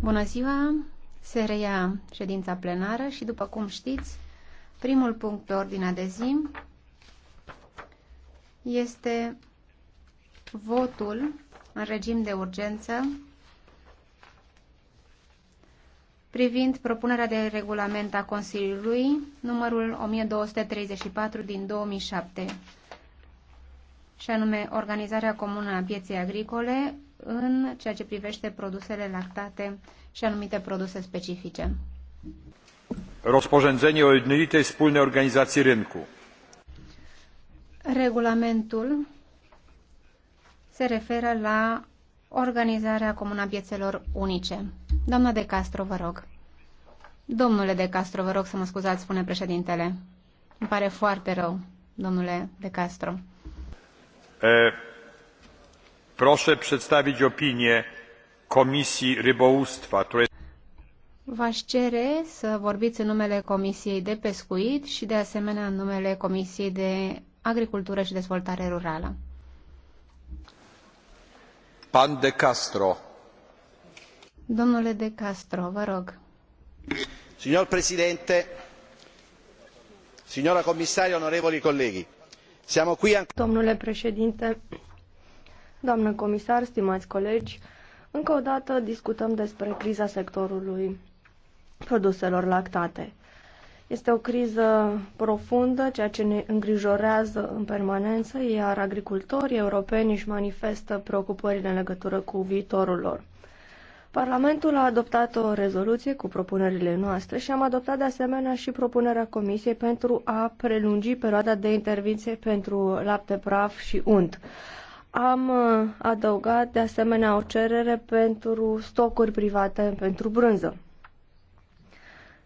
Bună ziua! Se reia ședința plenară și, după cum știți, primul punct pe ordinea de zi este votul în regim de urgență privind propunerea de regulament a Consiliului numărul 1234 din 2007 și anume Organizarea Comună a Pieței Agricole în ceea ce privește produsele lactate și anumite produse specifice. Rozporządzenie o jednolitej wspólnej organizacji rynku. Regulamentul se referă la organizarea comună a piețelor unice. Doamna De Castro, vă rog. Domnule De Castro, vă rog să mă scuzați, spune președintele. Îmi pare foarte rău, domnule De Castro. Proszę przedstawić opinię Komisji Rybołówstwa, V-aș cere să vorbiți în numele Comisiei de Pescuit și de asemenea în numele Comisiei de Agricultură și Dezvoltare Rurală. Pan de Castro. Domnule de Castro, vă rog. Signor Presidente, signora Commissario, onorevoli colleghi, siamo qui... Domnule președinte, Doamnă comisar, stimați colegi, încă o dată discutăm despre criza sectorului produselor lactate. Este o criză profundă, ceea ce ne îngrijorează în permanență, iar agricultorii europeni își manifestă preocupările în legătură cu viitorul lor. Parlamentul a adoptat o rezoluție cu propunerile noastre și am adoptat de asemenea și propunerea Comisiei pentru a prelungi perioada de intervenție pentru lapte praf și unt. Am uh, adăugat de asemenea o cerere pentru stocuri private pentru brânză.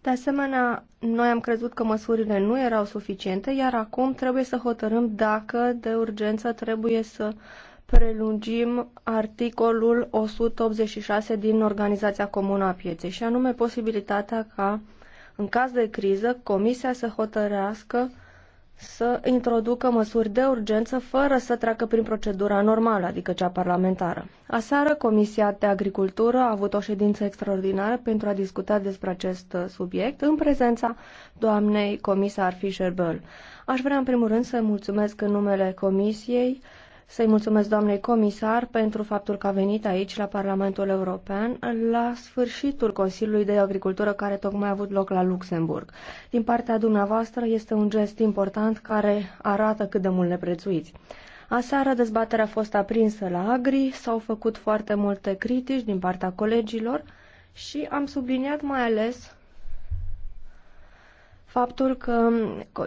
De asemenea, noi am crezut că măsurile nu erau suficiente, iar acum trebuie să hotărâm dacă de urgență trebuie să prelungim articolul 186 din Organizația Comună a Pieței, și anume posibilitatea ca, în caz de criză, Comisia să hotărească să introducă măsuri de urgență fără să treacă prin procedura normală, adică cea parlamentară. Aseară, Comisia de Agricultură a avut o ședință extraordinară pentru a discuta despre acest uh, subiect în prezența doamnei comisar fischer böll Aș vrea, în primul rând, să mulțumesc în numele Comisiei să-i mulțumesc doamnei comisar pentru faptul că a venit aici la Parlamentul European la sfârșitul Consiliului de Agricultură care tocmai a avut loc la Luxemburg. Din partea dumneavoastră este un gest important care arată cât de mult ne prețuiți. Aseară dezbaterea a fost aprinsă la Agri, s-au făcut foarte multe critici din partea colegilor și am subliniat mai ales faptul că,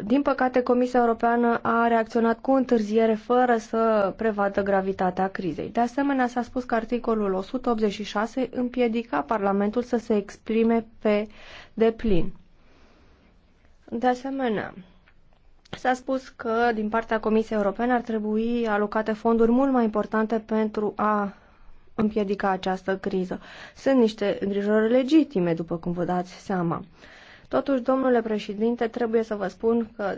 din păcate, Comisia Europeană a reacționat cu întârziere fără să prevadă gravitatea crizei. De asemenea, s-a spus că articolul 186 împiedica Parlamentul să se exprime pe deplin. De asemenea, S-a spus că din partea Comisiei Europene ar trebui alocate fonduri mult mai importante pentru a împiedica această criză. Sunt niște îngrijorări legitime, după cum vă dați seama. Totuși, domnule președinte, trebuie să vă spun că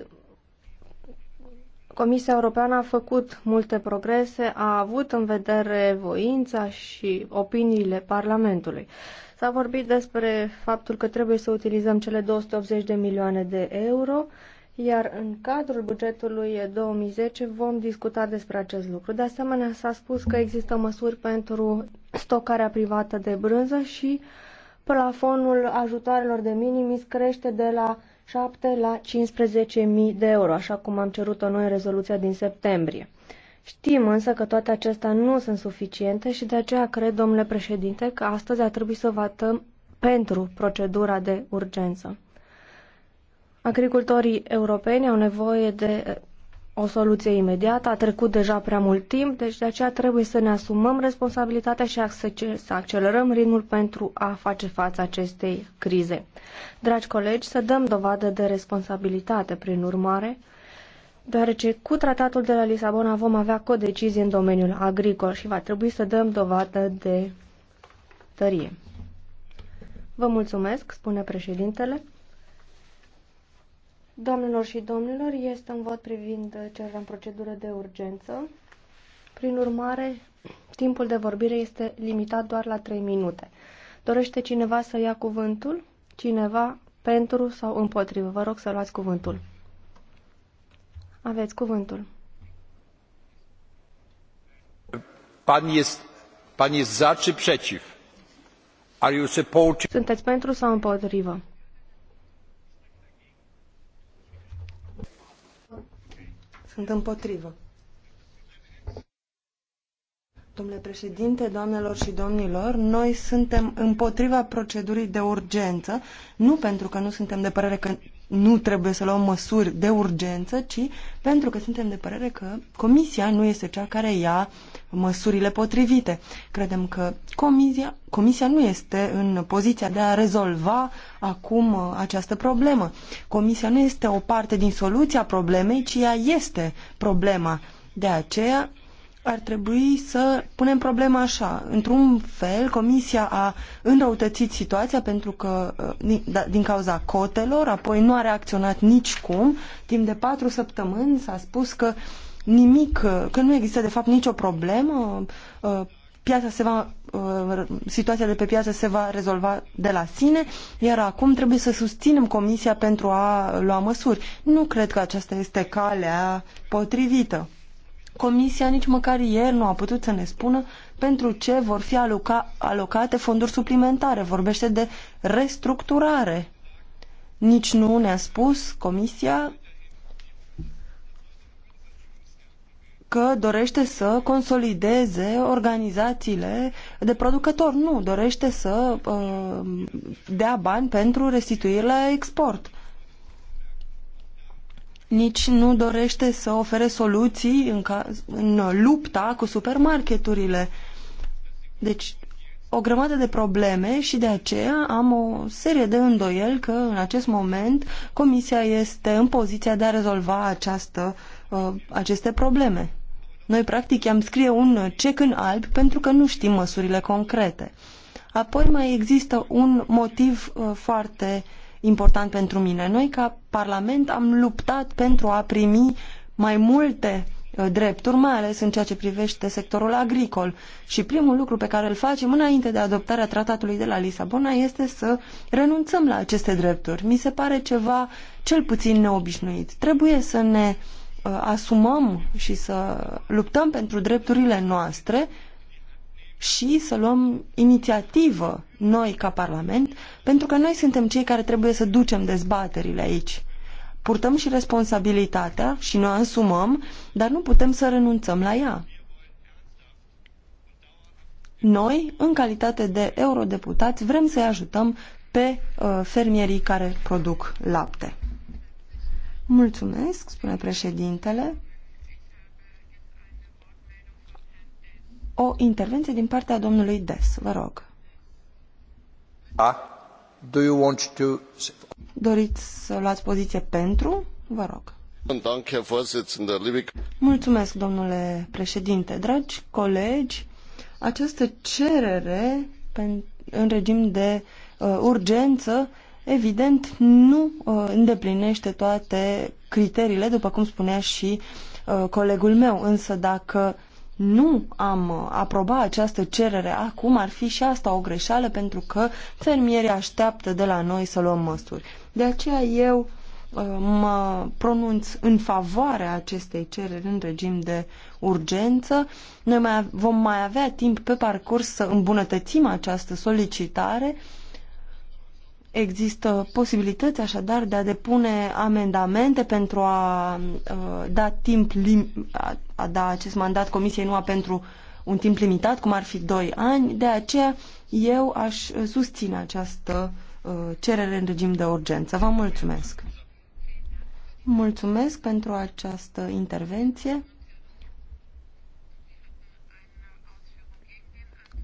Comisia Europeană a făcut multe progrese, a avut în vedere voința și opiniile Parlamentului. S-a vorbit despre faptul că trebuie să utilizăm cele 280 de milioane de euro, iar în cadrul bugetului 2010 vom discuta despre acest lucru. De asemenea, s-a spus că există măsuri pentru stocarea privată de brânză și uh, plafonul ajutoarelor de minimis crește de la 7 la 15.000 de euro, așa cum am cerut-o noi în rezoluția din septembrie. Știm însă că toate acestea nu sunt suficiente și de aceea cred, domnule președinte, că astăzi ar trebui să votăm pentru procedura de urgență. Agricultorii europeni au nevoie de o soluție imediată, a trecut deja prea mult timp, deci de aceea trebuie să ne asumăm responsabilitatea și să accelerăm ritmul pentru a face față acestei crize. Dragi colegi, să dăm dovadă de responsabilitate, prin urmare, deoarece cu tratatul de la Lisabona vom avea codecizie în domeniul agricol și va trebui să dăm dovadă de tărie. Vă mulțumesc, spune președintele. Doamnelor și domnilor, este un vot privind cererea în procedură de urgență. Prin urmare, timpul de vorbire este limitat doar la 3 minute. Dorește cineva să ia cuvântul? Cineva pentru sau împotrivă? Vă rog să luați cuvântul. Aveți cuvântul. Pan jest, pan jest za czy przeciw? Are you Sunteți pentru sau împotrivă? Sunt împotrivă. Domnule președinte, doamnelor și domnilor, noi suntem împotriva procedurii de urgență, nu pentru că nu suntem de părere că nu trebuie să luăm măsuri de urgență, ci pentru că suntem de părere că Comisia nu este cea care ia măsurile potrivite. Credem că Comisia, comisia nu este în poziția de a rezolva acum uh, această problemă. Comisia nu este o parte din soluția problemei, ci ea este problema. De aceea, ar trebui să punem problema așa. Într-un fel, Comisia a înrăutățit situația pentru că uh, din, da, din cauza cotelor, apoi nu a reacționat nicicum. Timp de patru săptămâni s-a spus că nimic, uh, că nu există de fapt nicio problemă, uh, piața se va, situația de pe piață se va rezolva de la sine, iar acum trebuie să susținem Comisia pentru a lua măsuri. Nu cred că aceasta este calea potrivită Comisia nici măcar ieri nu a putut să ne spună pentru ce vor fi aloca, alocate fonduri suplimentare. Vorbește de restructurare. Nici nu ne-a spus Comisia că dorește să consolideze organizațiile de producători. Nu, dorește să uh, dea bani pentru restituirile la export nici nu dorește să ofere soluții în, caz, în lupta cu supermarketurile. Deci, o grămadă de probleme și de aceea am o serie de îndoieli că în acest moment Comisia este în poziția de a rezolva această, uh, aceste probleme. Noi, practic, am scrie un cec în alb pentru că nu știm măsurile concrete. Apoi mai există un motiv uh, foarte uh, important pentru mine. Noi, ca Parlament, am luptat pentru a primi mai multe uh, drepturi, mai ales în ceea ce privește sectorul agricol. Și primul lucru pe care îl facem înainte de adoptarea tratatului de la Lisabona este să renunțăm la aceste drepturi. Mi se pare ceva cel puțin neobișnuit. Trebuie să ne uh, asumăm și să luptăm pentru drepturile noastre și să luăm inițiativă noi ca Parlament, pentru că noi suntem cei care trebuie să ducem dezbaterile aici. Purtăm și responsabilitatea și noi asumăm, dar nu putem să renunțăm la ea. Noi, în calitate de eurodeputați, vrem să-i ajutăm pe uh, fermierii care produc lapte. Mulțumesc, spune președintele. o intervenție din partea domnului Des. Vă rog. Da? Do you want to... Doriți să luați poziție pentru? Vă rog. Mulțumesc, domnule președinte. Dragi colegi, această cerere în regim de uh, urgență, evident, nu uh, îndeplinește toate criteriile, după cum spunea și uh, colegul meu. Însă dacă nu am uh, aproba această cerere acum, ar fi și asta o greșeală pentru că fermierii așteaptă de la noi să luăm măsuri. De aceea eu uh, mă pronunț în favoarea acestei cereri în regim de urgență. Noi mai, vom mai avea timp pe parcurs să îmbunătățim această solicitare Există posibilități așadar de a depune amendamente pentru a uh, da timp lim- a, a da acest mandat comisiei numai pentru un timp limitat, cum ar fi 2 ani. De aceea eu aș uh, susține această uh, cerere în regim de urgență. Vă mulțumesc. Mulțumesc pentru această intervenție.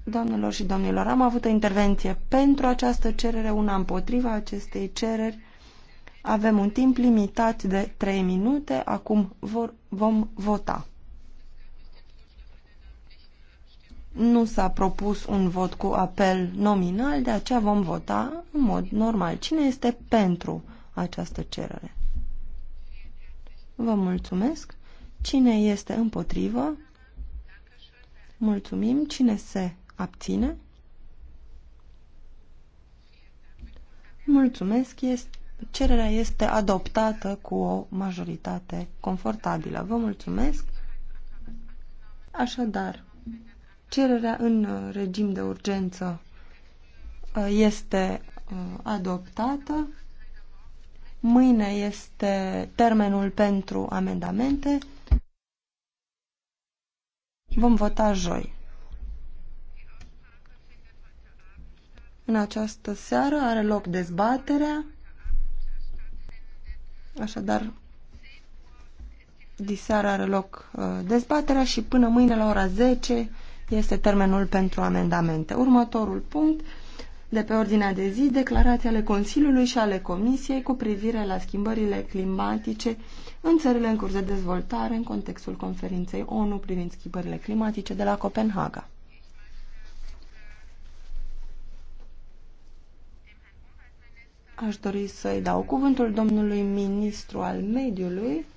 Doamnelor și domnilor, am avut o intervenție pentru această cerere, una împotriva acestei cereri. Avem un timp limitat de 3 minute, acum vor, vom vota. Nu s-a propus un vot cu apel nominal, de aceea vom vota în mod normal. Cine este pentru această cerere? Vă mulțumesc. Cine este împotrivă? Mulțumim. Cine se Abține? Mulțumesc, este, cererea este adoptată cu o majoritate confortabilă. Vă mulțumesc. Așadar, cererea în uh, regim de urgență uh, este uh, adoptată. Mâine este termenul pentru amendamente. Vom vota joi. În această seară are loc dezbaterea. Așadar, diseară are loc uh, dezbaterea și până mâine la ora 10 este termenul pentru amendamente. Următorul punct de pe ordinea de zi, declarația ale Consiliului și ale Comisiei cu privire la schimbările climatice în țările în curs de dezvoltare în contextul conferinței ONU privind schimbările climatice de la Copenhaga. Aș dori să-i dau cuvântul domnului ministru al mediului,